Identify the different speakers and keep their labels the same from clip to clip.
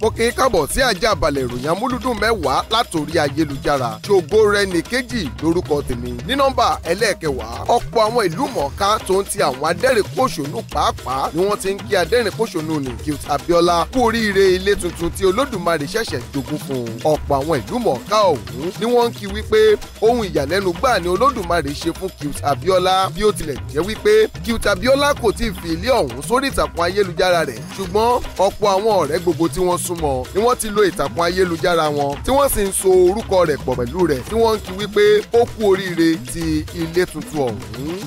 Speaker 1: mo kì í káàbọ̀ sí àjàbalẹ̀ ìròyìn amúlùdùn mẹ́wàá látòrí ayélujára ṣògo rẹ ní kejì lórúkọ tèmi ní nọ́mbà ẹlẹ́ẹ̀kẹwàá ọ̀pọ̀ àwọn ìlú mọ̀ọ́ká tó ń ti àwọn adẹ́rìnpòṣónú pàápàá ni wọ́n ti ń kí adẹ́rìnpòṣónú ní Gift Abiola kú oríire ilé tuntun tí Olódùmarè ṣẹ̀ṣẹ̀ jogún fún un ọ̀pọ̀ àwọn ìlú mọ̀ọ́ká ọ̀hún ni wọ́n ń kí wípé ohun ìyàlẹ́nu gbà ni Olódùmarè ṣe fún Gift Abiola bí ó tilẹ̀ jẹ́ wípé Gift Abiola kò tí ì fi ilé ọ̀hún sórí ìtàkùn ayélujára rẹ̀ ṣùgbọ́n ọ̀pọ̀ àwọn ọ̀rẹ́ gbogbo tí wọ́n s súnmọ́ ni wọ́n ti lo ìtàkùn ayélujára wọn tí wọ́n sì ń so orúkọ rẹ̀ pọ̀ pẹ̀lú rẹ̀ tí wọ́n ń kí wípé ó kú oríire ti ilé tuntun ọ̀hún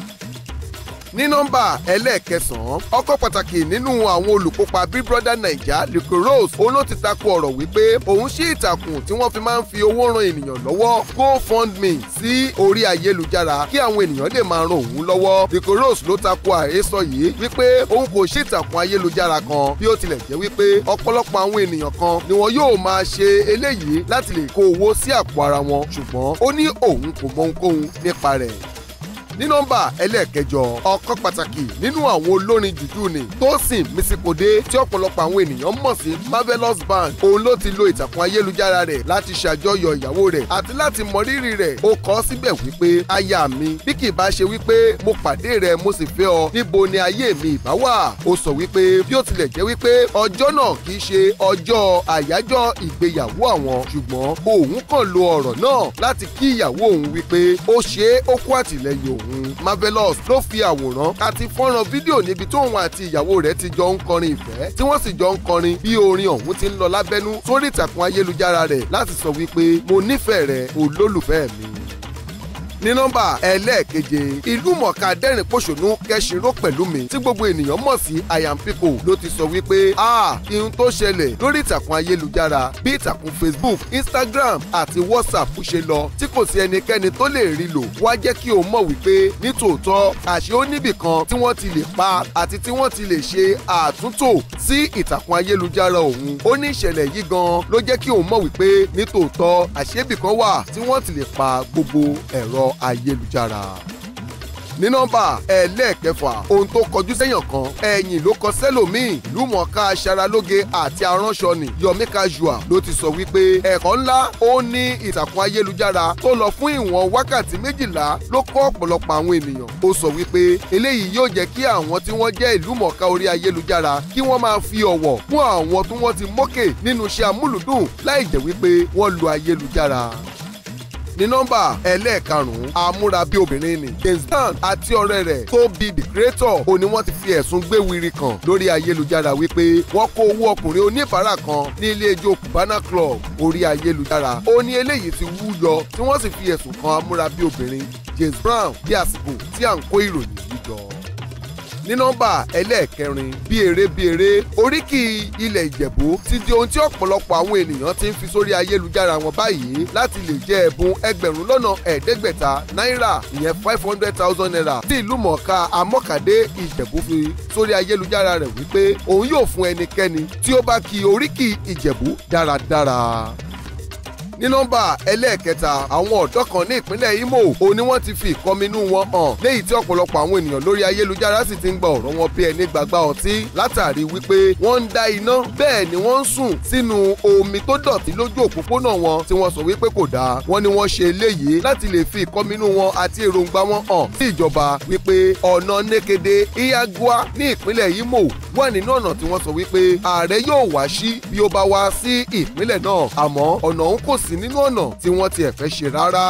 Speaker 1: ní nọ́mbà ẹlẹ́ẹ̀kẹsàn-án ọkọ̀ pàtàkì nínú àwọn olùkópa Big Brother Naija Luke Rose òun ló ti takò ọ̀rọ̀ wípé òun sí ìtàkùn tí wọ́n fi máa ń fi owó ran ènìyàn lọ́wọ́ GoFundMe sí orí ayélujára kí àwọn ènìyàn lè máa ran òun lọ́wọ́ Luke Rose ló takò àhesọ yìí wípé òun kò sí ìtàkùn ayélujára kan bí ó tilẹ̀ jẹ́ wípé ọ̀pọ̀lọpọ̀ àwọn ènìyàn kan ni wọn yóò máa ṣe eléyìí láti lè kó owó sí àpò ara wọn ṣùgbọ́n ó ní òun kò mọ ohunkóhun nípa rẹ̀ ní nọ́mbà ẹlẹ́ẹ̀kẹjọ ọ̀kan pàtàkì nínú àwọn olórin jùjú ni Tósìn Mísíkòdé tí ọ̀pọ̀lọpọ̀ àwọn ènìyàn mọ̀ sí Marvelous Band òun ló ti lo ìtàkùn ayélujára rẹ̀ láti ṣàjọyọ̀ ìyàwó rẹ̀ àti láti mọrírì rẹ̀ ó kọ síbẹ̀ wípé aya mi bí kì í bá ṣe wípé mo pàdé rẹ mo sì fẹ́ ọ níbo ni ayé mi ìbá wà ó sọ wípé bí ó tilẹ̀ jẹ́ wípé ọjọ́ náà kì í ṣe ọjọ́ àyájọ́ ìgbéyàwó àwọn ṣùgbọ́n òun kàn lo ọ̀rọ̀ náà láti kí ìyàwó òun wípé ó ṣe é ó kú àtìlẹ́yìn òun ọ̀hún marvelous ló fi àwòrán àti fọ́nrán fídíò níbi tóun àti ìyàwó rẹ̀ ti jọ ń kọrin ìfẹ́ tí wọ́n sì jọ ń kọrin bí orin ọ̀hún ti ń lọ lábẹ́nú sórí ìtàkùn ayélujára rẹ̀ láti sọ wípé mo nífẹ̀ẹ́ rẹ olólùfẹ́ mi ní nọ́mbà ẹlẹ́ẹ̀keje ìlú mọ̀ọ́ká dẹ́rìn pòṣónú kẹ́sìnró pẹ̀lú mi tí gbogbo ènìyàn mọ̀ sí I am people ló ti sọ wípé a ihun tó ṣẹlẹ̀ lórí ìtàkùn ayélujára bí ìtàkùn Facebook Instagram àti WhatsApp ṣe lọ tí kò sí ẹnikẹ́ni tó lè rí lò wá jẹ́ kí o mọ̀ wípé nítòótọ́ àṣé ó níbìkan tí wọ́n ti lè pa àti tí wọ́n ti lè ṣe àtúntò sí ìtàkùn ayélujára òun ó ní ìṣẹ̀lẹ̀ yìí gan ló jẹ́ kí òun mọ̀ wípé nítòótọ́ àṣébìkan wà tí wọ́n ti lè pa gbogbo ẹ̀rọ ayélujára ní nọ́mbà ẹlẹ́ẹ̀kẹfà ohun tó kọjú sẹ́yàn kan ẹ̀yìn ló kọ sẹ́lòmíì ìlú mọ̀ọ́ká aṣaralóge àti aránṣọ ni Yomi Casual ló ti sọ wípé ẹ̀kọ́ ńlá ó ní ìtàkùn ayélujára tó lọ fún ìwọ̀n wákàtí méjìlá ló kọ́ ọ̀pọ̀lọpọ̀ àwọn ènìyàn ó sọ wípé eléyìí yóò jẹ́ kí àwọn tí wọ́n jẹ́ ìlú orí ayélujára kí wọ́n máa fi ọ̀wọ̀ fún àwọn tí wọ́n ti mókè nínú iṣẹ́ amúlùdùn láì jẹ́ wípé wọ́n lo ayélujára ní nọ́mbà ẹlẹ́ẹ̀karùn-ún amúrabí obìnrin ni James Brown àti ọ̀rẹ́ rẹ̀ Toby the Creator ò ní wọ́n ti fi ẹ̀sùn gbéwiri kan lórí ayélujára wípé wọ́n kó owó ọkùnrin oníbàárà kan ní ilé ijó Cubana Club orí ayélujára ó ní eléyìí ti wú yọ tí wọ́n sì fi ẹ̀sùn kan amúrabí James Brown bí àsìkò tí à ń kó ìròyìn yìí jọ ní nọ́mbà ẹlẹ́ẹ̀kẹrin bí eré bí eré oríkì ilẹ̀ ìjẹ̀bú ti di ohun tí ọ̀pọ̀lọpọ̀ àwọn ènìyàn ti ń fi sórí ayélujára wọn báyìí láti lè jẹ ẹ̀bùn ẹgbẹ̀rún lọ́nà ẹ̀ẹ́dẹ́gbẹ̀ta náírà ìyẹn five hundred thousand naira tí ìlú mọ̀ọ́ká amọ́kàdé ìjẹ̀bú fi sórí ayélujára rẹ̀ wípé òun yóò fún ẹnikẹ́ni tí ó bá ki oríkì ìjẹ̀bú dáradára ní nọ́mbà ẹlẹ́ẹ̀kẹta àwọn ọ̀dọ́ kan ní ìpínlẹ̀ Imo òun ni wọ́n ti fi ìkọminú wọn hàn léyìí tí ọ̀pọ̀lọpọ̀ àwọn ènìyàn lórí ayélujára sì ti ń gba ọ̀rọ̀ wọn bí ẹni gbàgbá ọtí látàrí wípé wọ́n ń dá iná bẹ́ẹ̀ ni wọ́n ń sùn sínú omi tó dọ̀tí lójú òpópónà wọn tí wọ́n sọ wípé kò dáa wọ́n ní wọ́n ṣe eléyìí láti lè fi ìkọminú wọn àti èròǹgbà wọn hàn sí ìjọba wípé ọ̀nà nekede Iyagua ní ìpínlẹ̀ Imo wà nínú ọ̀nà tí wọ́n sọ wípé ààrẹ yóò wá sí bí ó bá wá sí ìpínlẹ̀ náà àmọ́ ọ̀nà òun kò sí sí nínú ọ̀nà tí wọ́n ti ẹ̀fẹ́ ṣe rárá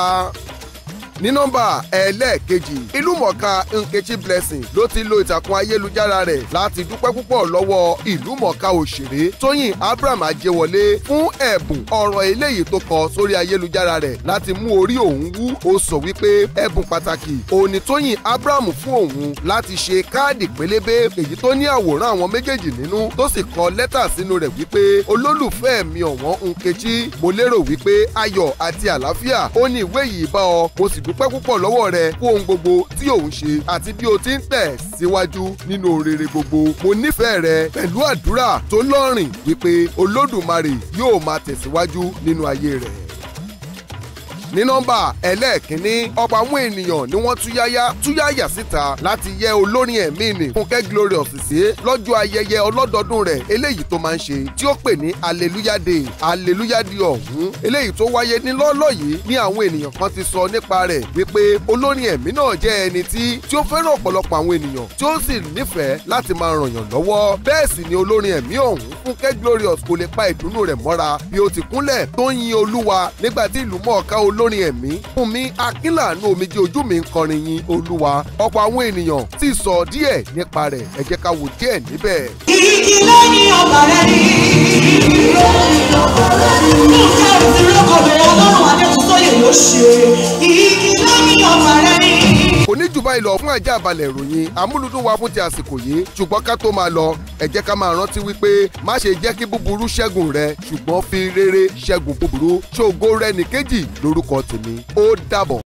Speaker 1: ní nọ́mbà ẹlẹ́ẹ̀kejì ìlúmọ̀ọ́ká Nkechi Blessing ló ti lo ìtàkùn ayélujára rẹ̀ láti dúpẹ́ púpọ̀ lọ́wọ́ ìlúmọ̀ọ́ká òṣèré Tóyìn Abraham Ajéwọlé fún ẹ̀bùn ọ̀rọ̀ eléyìí tó kọ sórí ayélujára rẹ̀ láti mú orí òun wú ó sọ wípé ẹ̀bùn pàtàkì òní Tóyìn Abraham fún òun láti ṣe káàdì pélébé èyí tó ní àwòrán àwọn méjèèjì nínú tó sì kọ lẹ́tà sínú rẹ̀ wípé olólùfẹ́ mi ọ̀wọ́n Nkechi mo lérò wípé ayọ̀ àti àlàáfíà ó ní ìwé yìí bá ọ mo sì d dúpẹ́ púpọ̀ lọ́wọ́ rẹ fún ohun gbogbo tí ò ń ṣe àti bí o ti ń tẹ̀ síwájú nínú oríire gbogbo mo nífẹ̀ẹ́ rẹ pẹ̀lú àdúrà tó lọ́rìn wípé olódùmarè yóò máa tẹ̀síwájú nínú ayé rẹ ní nọ́mbà ẹlẹ́ẹ̀kínní ọ̀pọ̀ àwọn ènìyàn ni wọ́n túyáyá túyáyà síta láti yẹ olórin ẹ̀mí nì Fúnkẹ́ Glorious sí lọ́jọ́ ayẹyẹ ọlọ́dọọdún rẹ̀ eléyìí tó máa ń ṣe tí ó pè ní Hallelujah Day Hallelujah Day ọ̀hún eléyìí tó wáyé ní lọ́lọ́ yìí ni àwọn ènìyàn kan ti sọ nípa rẹ̀ wípé olórin ẹ̀mí náà jẹ́ ẹni tí tí ó fẹ́ràn ọ̀pọ̀lọpọ̀ àwọn ènìyàn tí ó sì nífẹ̀ẹ́ láti máa rànyàn lọ́wọ́ bẹ́ẹ̀ sì ni olórin ẹ̀mí ọ̀hún Fúnkẹ́ Glorious kò lè pa ìdùnnú rẹ̀ mọ́ra bí ó ti kúnlẹ̀ tó ń yin Olúwa nígbà tí ìlú mọ̀ọ́ká olórin olórin ẹ̀mí Wúnmi Akínlàánú omijé ojú mi ń kọrin yin olúwa ọ̀pọ̀ àwọn ènìyàn ti sọ díẹ̀ nípa rẹ̀ ẹ ká wò díẹ̀ níbẹ̀. kìkì lẹ́yìn ọ̀bàrẹ̀. ìjọba ìlọ fún àjàbalẹ̀ ìròyìn amúlùdùn wa fún ti àsìkò yìí ṣùgbọ́n ká tó máa lọ ẹ jẹ́ ká máa rántí wípé má ṣe jẹ́ kí búburú ṣẹ́gun rẹ ṣùgbọ́n fi rere ṣẹ́gun búburú ṣògo rẹ̀ nìkejì lórúkọ tèmi ó dàbọ̀.